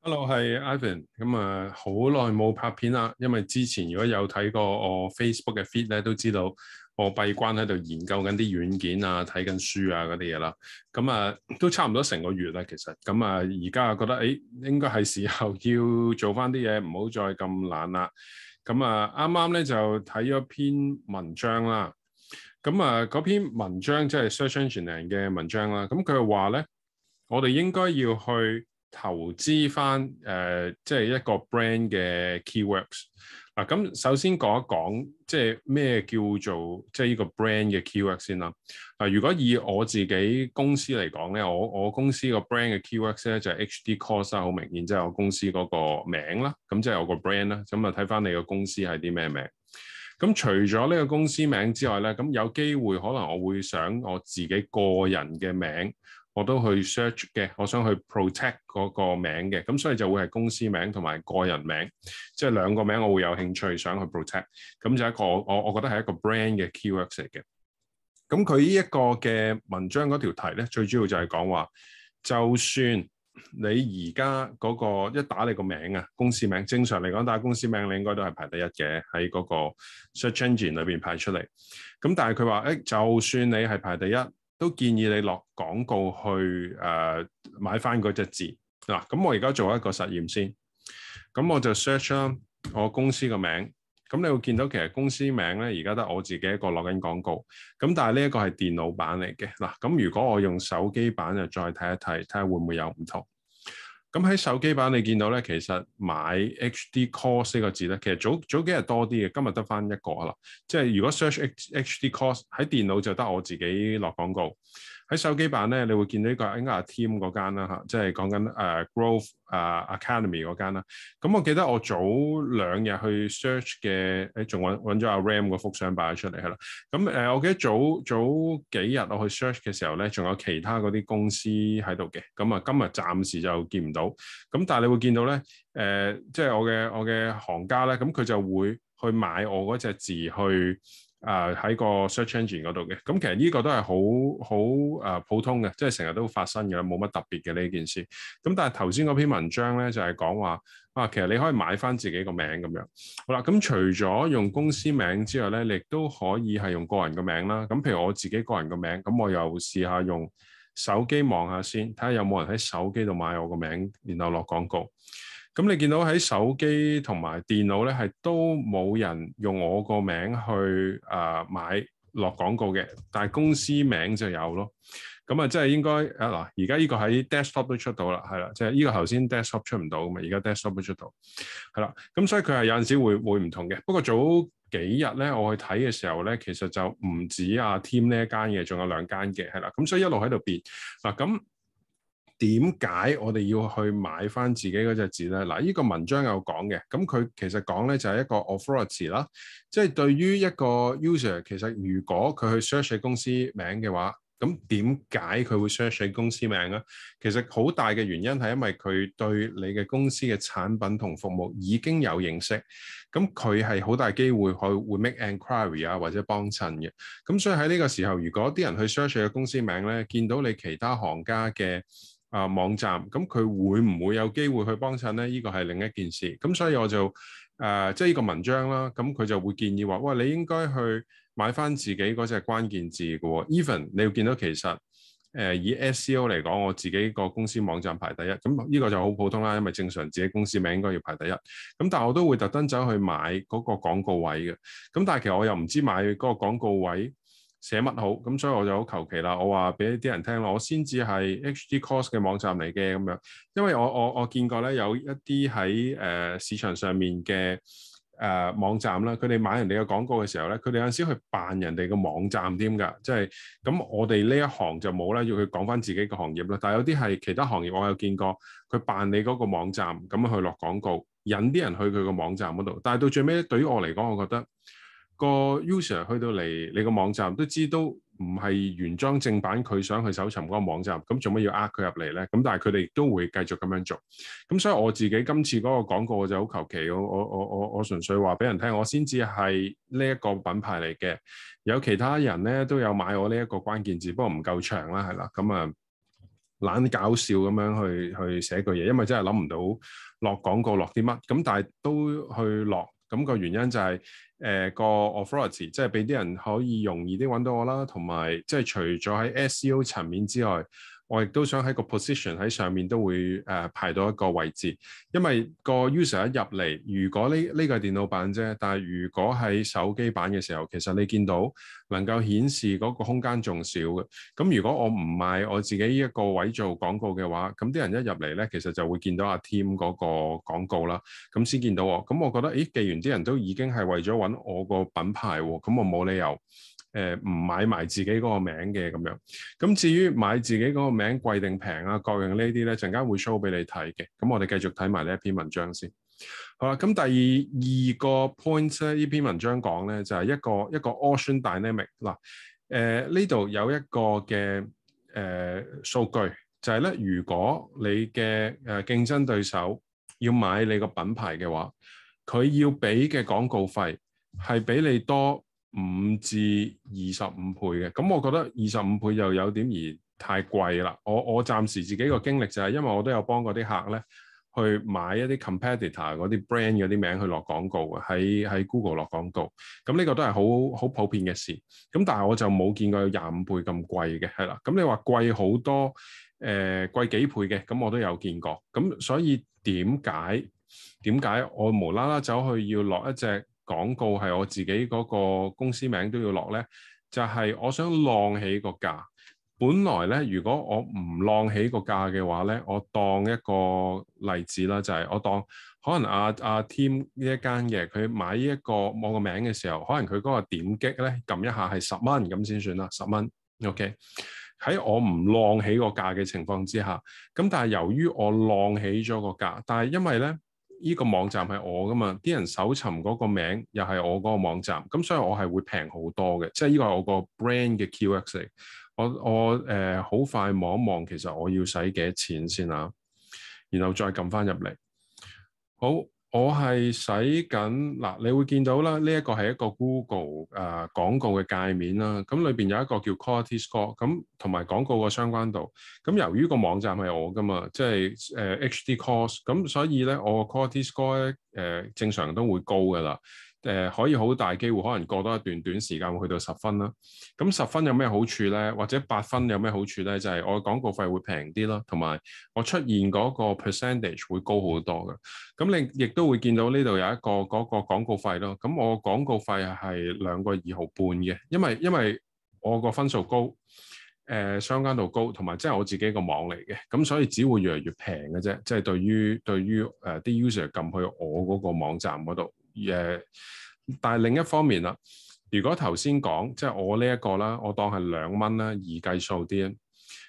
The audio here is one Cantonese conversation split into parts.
Hello，係 Ivan，咁、嗯、啊，好耐冇拍片啦，因為之前如果有睇過我 Facebook 嘅 feed 咧,都知道我閉關喺度研究緊啲軟件啊，睇緊書啊嗰啲嘢啦，咁、嗯、啊、嗯，都差唔多成個月啦，其實，咁、嗯、啊，而家啊覺得誒、欸，應該係時候要做翻啲嘢，唔好再咁懶啦，咁、嗯、啊，啱啱咧就睇咗篇文章啦，咁、嗯、啊，嗰、嗯、篇文章即係 search engine 嘅文章啦，咁佢又話咧，我哋應該要去。投資翻誒，即係一個 brand 嘅 keywords。嗱、啊，咁首先講一講，即係咩叫做即係呢個 brand 嘅 keywords 先啦。嗱、啊，如果以我自己公司嚟講咧，我我公司個 brand 嘅 keywords 咧就係、是、HD Corsa，好明顯即係我公司嗰個名啦。咁即係我個 brand 啦。咁啊睇翻你個公司係啲咩名。咁除咗呢個公司名之外咧，咁有機會可能我會想我自己個人嘅名。我都去 search 嘅，我想去 protect 個名嘅，咁所以就會係公司名同埋個人名，即係兩個名我會有興趣想去 protect，咁就一個我我覺得係一個 brand 嘅 keywords 嚟嘅。咁佢呢一個嘅文章嗰條題咧，最主要就係講話，就算你而家嗰個一打你個名啊，公司名，正常嚟講打公司名你應該都係排第一嘅，喺嗰個 search engine 裏邊排出嚟。咁但係佢話，誒，就算你係排第一。都建議你落廣告去誒、呃、買翻嗰隻字嗱，咁、啊、我而家做一個實驗先，咁我就 search 我公司個名，咁你會見到其實公司名咧而家得我自己一個落緊廣告，咁但係呢一個係電腦版嚟嘅嗱，咁、啊、如果我用手機版就再睇一睇，睇下會唔會有唔同。咁喺手機版你見到咧，其實買 HD course 呢個字咧，其實早早幾日多啲嘅，今日得翻一個啦。即係如果 search HD course 喺電腦就得我自己落廣告。喺手機版咧，你會見到一個應該阿 Team 嗰間啦嚇，即係講緊誒 Growth 誒 Academy 嗰間啦。咁我記得我早兩日去 search 嘅，誒仲揾咗阿 Ram 個幅相擺咗出嚟係啦。咁誒，我記得早早幾日我去 search 嘅時候咧，仲有其他嗰啲公司喺度嘅。咁啊，今日暫時就見唔到。咁但係你會見到咧，誒，即係我嘅我嘅行家咧，咁佢就會去買我嗰隻字去。啊，喺、uh, 個 search engine 嗰度嘅，咁其實呢個都係好好啊普通嘅，即係成日都發生嘅，冇乜特別嘅呢件事。咁但係頭先嗰篇文章咧就係、係、講話啊，其實你可以買翻自己個名咁樣。好啦，咁除咗用公司名之外咧，你亦都可以係用個人嘅名啦。咁譬如我自己個人嘅名，咁我又試下用手機望下先，睇下有冇人喺手機度買我個名，然後落廣告。咁你見到喺手機同埋電腦咧，係都冇人用我個名去誒、呃、買落廣告嘅，但係公司名就有咯。咁啊，即係應該誒嗱，而家呢個喺 desktop 都出到啦，係啦，即係呢個頭先 desktop 出唔到咁嘛，而家 desktop 都出到，係啦。咁所以佢係有陣時會會唔同嘅。不過早幾日咧，我去睇嘅時候咧，其實就唔止阿、啊、Team 呢一間嘅，仲有兩間嘅，係啦。咁所以一路喺度變嗱咁。啊點解我哋要去買翻自己嗰隻字咧？嗱，呢個文章有講嘅，咁佢其實講咧就係一個 authority 啦，即係對於一個 user，其實如果佢去 search 公司名嘅話，咁點解佢會 search 公司名咧？其實好大嘅原因係因為佢對你嘅公司嘅產品同服務已經有認識，咁佢係好大機會去會 make enquiry 啊，或者幫襯嘅。咁所以喺呢個時候，如果啲人去 search 嘅公司名咧，見到你其他行家嘅。啊網站咁佢會唔會有機會去幫襯咧？呢個係另一件事。咁所以我就誒、呃、即係呢個文章啦。咁佢就會建議話：喂，你應該去買翻自己嗰隻關鍵字㗎喎、哦。Even 你會見到其實誒、呃、以 SEO 嚟講，我自己個公司網站排第一。咁呢個就好普通啦，因為正常自己公司名應該要排第一。咁但係我都會特登走去買嗰個廣告位嘅。咁但係其實我又唔知買嗰個廣告位。寫乜好咁，所以我就好求其啦。我話俾啲人聽咯，我先至係 HD Course 嘅網站嚟嘅咁樣，因為我我我見過咧，有一啲喺誒市場上面嘅誒、呃、網站啦，佢哋買人哋嘅廣告嘅時候咧，佢哋有陣時去扮人哋嘅網站添㗎，即係咁我哋呢一行就冇啦，要去講翻自己嘅行業啦。但係有啲係其他行業，我有見過佢辦理嗰個網站咁去落廣告，引啲人去佢個網站嗰度。但係到最尾對於我嚟講，我覺得，個 user 去到嚟，你個網站都知都唔係原裝正版，佢想去搜尋嗰個網站，咁做乜要呃佢入嚟咧？咁但係佢哋都會繼續咁樣做，咁所以我自己今次嗰個廣告我就好求其，我我我我我純粹話俾人聽，我先至係呢一個品牌嚟嘅，有其他人咧都有買我呢一個關鍵字，不過唔夠長啦，係啦，咁啊懶搞笑咁樣去去寫句嘢，因為真係諗唔到落廣告落啲乜，咁但係都去落。咁個原因就係、是、誒、呃、個 authority，即係俾啲人可以容易啲揾到我啦，同埋即係除咗喺 SEO 層面之外。我亦都想喺個 position 喺上面都會誒、呃、排到一個位置，因為個 user 一入嚟，如果呢呢個係電腦版啫，但係如果喺手機版嘅時候，其實你見到能夠顯示嗰個空間仲少嘅。咁如果我唔買我自己呢一個位做廣告嘅話，咁啲人一入嚟咧，其實就會見到阿、啊、Tim 嗰個廣告啦。咁先見到我，咁我覺得，誒，既然啲人都已經係為咗揾我個品牌喎、啊，咁我冇理由。誒，唔、呃、買埋自己嗰個名嘅咁樣，咁至於買自己嗰個名貴定平啦，各樣呢啲咧，陣間會 show 俾你睇嘅。咁我哋繼續睇埋呢一篇文章先。好啦，咁第,第二個 point 呢、啊、篇文章講咧就係、是、一個一個 auction dynamic 嗱、啊，誒呢度有一個嘅誒數據就係、是、咧，如果你嘅誒競爭對手要買你個品牌嘅話，佢要俾嘅廣告費係比你多。五至二十五倍嘅，咁我覺得二十五倍又有點而太貴啦。我我暫時自己個經歷就係，因為我都有幫過嗰啲客咧去買一啲 competitor 嗰啲 brand 嗰啲名去落廣告嘅，喺喺 Google 落廣告。咁呢個都係好好普遍嘅事。咁但係我就冇見過有廿五倍咁貴嘅，係啦。咁你話貴好多，誒、呃、貴幾倍嘅，咁我都有見過。咁所以點解點解我無啦啦走去要落一隻？廣告係我自己嗰個公司名都要落咧，就係、是、我想浪起個價。本來咧，如果我唔浪起個價嘅話咧，我當一個例子啦，就係、是、我當可能阿、啊、阿、啊、Tim 呢一間嘅佢買呢一個網個名嘅時候，可能佢嗰個點擊咧撳一下係十蚊咁先算啦，十蚊。OK，喺我唔浪起個價嘅情況之下，咁但係由於我浪起咗個價，但係因為咧。依個網站係我噶嘛，啲人搜尋嗰個名又係我嗰個網站，咁所以我係會平好多嘅，即係依個係我個 brand 嘅 QX。我我誒好快望一望，其實我要使幾錢先啦、啊，然後再撳翻入嚟。好。我係使緊嗱，你會見到啦，呢、這個、一個係一個 Google 誒、呃、廣告嘅界面啦。咁裏邊有一個叫 Quality Score，咁同埋廣告嘅相關度。咁、嗯、由於個網站係我噶嘛，即係誒、呃、HD Course 咁、嗯、所以咧我個 Quality Score 咧、呃、誒正常都會高噶啦。誒可以好大機會，可能過多一段短時間會去到十分啦。咁十分有咩好處咧？或者八分有咩好處咧？就係、是、我廣告費會平啲咯，同埋我出現嗰、那個 percentage 會高好多嘅。咁你亦都會見到呢度有一個嗰、那個廣告費咯。咁我廣告費係兩個二毫半嘅，因為因為我個分數高，誒相關度高，同埋即係我自己個網嚟嘅，咁所以只會越嚟越平嘅啫。即、就、係、是、對於對於誒啲、呃、user 撳去我嗰個網站嗰度。誒，但係另一方面啦，如果頭先講即係我呢、這、一個啦，我當係兩蚊啦，二計數啲。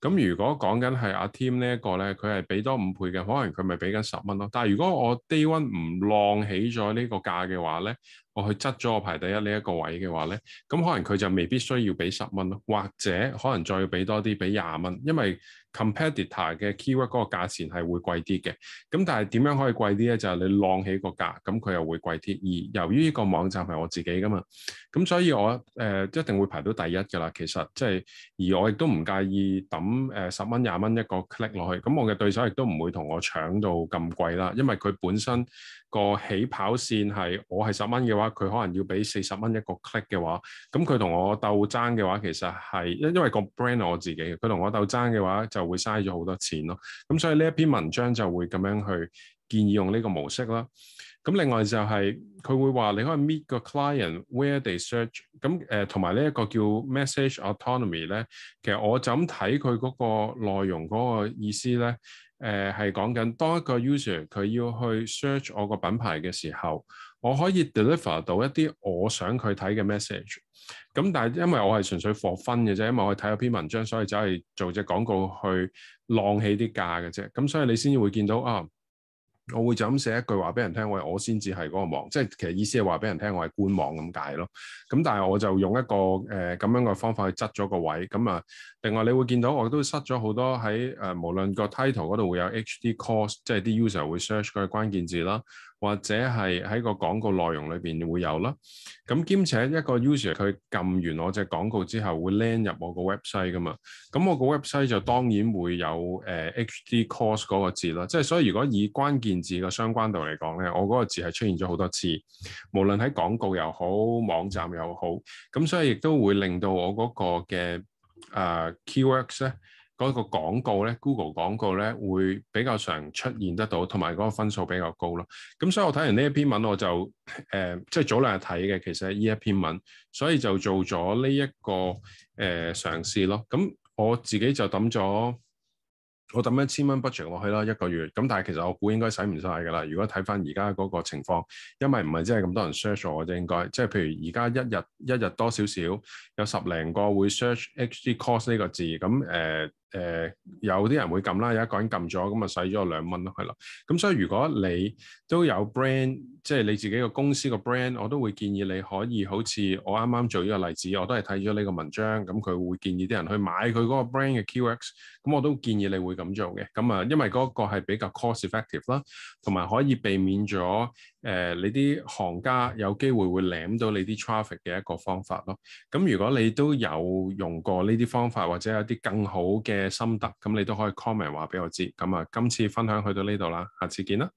咁如果講緊係阿 Team 呢一個咧，佢係俾多五倍嘅，可能佢咪俾緊十蚊咯。但係如果我低 a 唔浪起咗呢個價嘅話咧，我去執咗我排第一呢一個位嘅話咧，咁可能佢就未必需要俾十蚊咯，或者可能再要俾多啲，俾廿蚊，因為 competitor 嘅 keyword 嗰個價錢係會貴啲嘅。咁但係點樣可以貴啲咧？就係、是、你浪起個價，咁佢又會貴啲。而由於呢個網站係我自己噶嘛，咁所以我誒、呃、一定會排到第一噶啦。其實即係、就是、而我亦都唔介意抌誒十蚊廿蚊一個 click 落去，咁我嘅對手亦都唔會同我搶到咁貴啦，因為佢本身個起跑線係我係十蚊嘅。佢可能要俾四十蚊一個 click 嘅話，咁佢同我鬥爭嘅話，其實係因因為個 brand 係我自己，佢同我鬥爭嘅話就會嘥咗好多錢咯。咁所以呢一篇文章就會咁樣去建議用呢個模式啦。咁另外就係，佢會話你可以 meet 個 client where they search。咁誒同埋呢一個叫 message autonomy 咧，其實我就咁睇佢嗰個內容嗰個意思咧，誒係講緊當一個 user 佢要去 search 我個品牌嘅時候。我可以 deliver 到一啲我想佢睇嘅 message，咁但係因為我係純粹 for fun 嘅啫，因為我睇咗篇文章，所以走嚟做隻廣告去浪起啲價嘅啫，咁所以你先至會見到啊，我會就咁寫一句話俾人聽，我係我先至係嗰個網，即係其實意思係話俾人聽我係官網咁解咯，咁但係我就用一個誒咁、呃、樣嘅方法去擠咗個位，咁啊另外你會見到我都塞咗好多喺誒、呃、無論個 title 嗰度會有 HD course 即係啲 user 會 search 佢嘅關鍵字啦。或者係喺個廣告內容裏邊會有啦，咁兼且一個 user 佢撳完我隻廣告之後會 land 入我個 website 噶嘛，咁我個 website 就當然會有誒、呃、HD Course 嗰個字啦，即係所以如果以關鍵字嘅相關度嚟講咧，我嗰個字係出現咗好多次，無論喺廣告又好，網站又好，咁所以亦都會令到我嗰個嘅誒 keywords 咧。呃嗰個廣告咧，Google 廣告咧會比較常出現得到，同埋嗰個分數比較高咯。咁所以我睇完呢一篇文，我就誒、呃、即係早兩日睇嘅，其實係呢一篇文，所以就做咗呢一個誒、呃、嘗試咯。咁我自己就抌咗我抌一千蚊 budget 落去啦，一個月。咁但係其實我估應該使唔晒㗎啦。如果睇翻而家嗰個情況，因為唔係真係咁多人 search 我啫，應該即係譬如而家一日一日多少少有十零個會 search HD cost 呢個字咁誒。誒、呃、有啲人會撳啦，有一個人撳咗，咁啊使咗兩蚊咯，係咯。咁所以如果你都有 brand，即係你自己個公司個 brand，我都會建議你可以好似我啱啱做呢個例子，我都係睇咗呢個文章，咁佢會建議啲人去買佢嗰個 brand 嘅 QX，y 咁我都建議你會咁做嘅，咁啊，因為嗰個係比較 cost effective 啦，同埋可以避免咗誒、呃、你啲行家有機會會舐到你啲 traffic 嘅一個方法咯。咁如果你都有用過呢啲方法，或者有啲更好嘅嘅心得，咁你都可以 comment 話俾我知。咁啊，今次分享去到呢度啦，下次見啦。